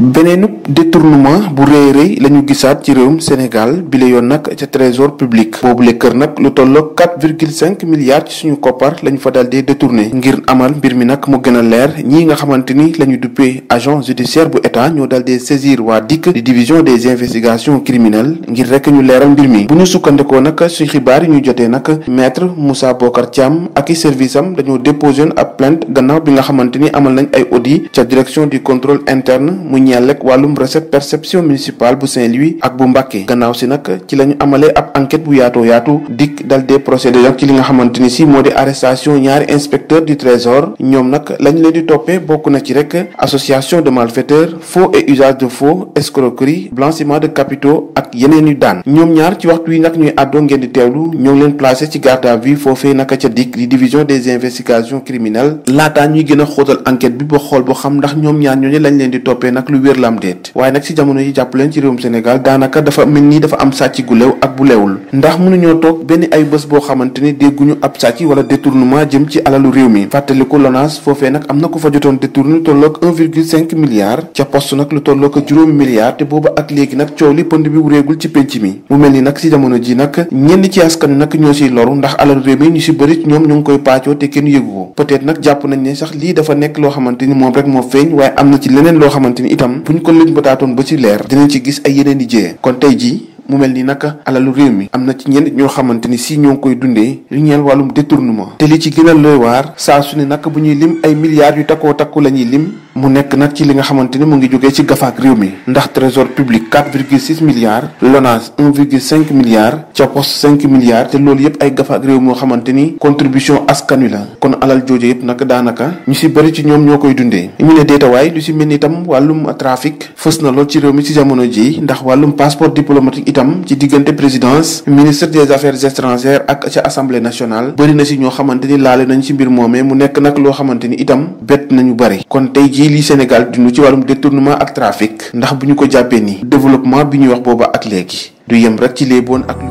beneen détournement bu rëy rëy la ñu ci réewum Sénégal bi la yon nak ci trésor public boobule kër nak lu tollo 4,5 milliards ci suñu copar la fa daal détourné ngir amal mbir mi nag mu gën a nga xamante lañu la ñu duppee agent judiciaire bu état ñoo daal dé saisir wa dik di division des investigations criminelles ngir rek ñu leeral mbir mi bu ñu sukkandikoo nak suñ xibaar ñu jotee nak maître Moussa Bokar Thiam ak i service am dañoo déposé une plainte gannaaw bi nga xamante amal nañ ay audit ci direction du contrôle interne mu ñeel walum recette perception municipale bu Saint-Louis ak bu Mbacké gannaaw ci nak ci lañu à ab enquête bu yaatoo yaatu dik dal des procédés nag ci li nga xamanteni ci modi arrestation ñaari inspecteur du trésor ñom nak lañ leen di topé bokku na ci rek association de malfaiteurs faux et usage de faux escroquerie blanchiment de capitaux ak yeneen yu daan ñom ñaar ci waxtu yi nak ñuy addo ngeen di tewlu ñoo leen placé ci garde à vue foofee naka dit que di division des investigations criminelles laataa ñuy gëna a enquête bi bo xol bo xam ndax ñom ñaar ñooñu lañ leen di topé nak lu wér la am déet waaye nag ci jamono yi jàpp leen ci réewum Sénégal daanaka dafa na ku mi mu mel ni nag ci jamono ji nag ñenn ci askan nag ñoo siy loru ndax alalu réew mi ñu si bëri ñoom ñu ngi koy paacoo te kenn yëgu ko peut jàpp nañ ne sax lii dafa nekk loo xamante moom rek moo feeñ waaye am na ci leneen loo xamante itam am bu ñu ko lëñ ba ba ci leer dinañ ci gis ay yeneen i jëye kon tey jii mu mel ni naka alalu réew mi am na ci ñenn ñoo xamante ni sii ñoo ngi koy dundee lu ñeel wàllum détournement te li ci gën a looy waar saa su ne naka bu ñuy lim ay milliards yu takkoo takku la ñuy lim mu nekk nag ci li nga xamante ni mu ngi jógee ci gafaak réew mi ndax trésor public 4,6 milliards LONASE 1,5 milliards ca poste 5 milliards te loolu yëpp ay gafaak réew moo xamante ni contribution askan wi la kon alal jooju yëpp nag daanaka ñu si bëri ci ñoom ñoo koy dundee ñu ne deetawaay lu si mel ni itam wàllum trafic fës na lool ci réew mi si jamono ji ndax wàllum passeport diplomatique itam ci diggante présidence ministre des affaires étrangères ak ca assemblée na si ñoo xamante ni laale nañ si mbir moomee mu nekk nag loo xamante ni itam bett nañu bëri li Sénégal dund ci wàllum détournement ak trafic ndax bu ñu ko jàppee ni développement bi ñuy wax booba ak léegi du yem rek ci les bonnes ak.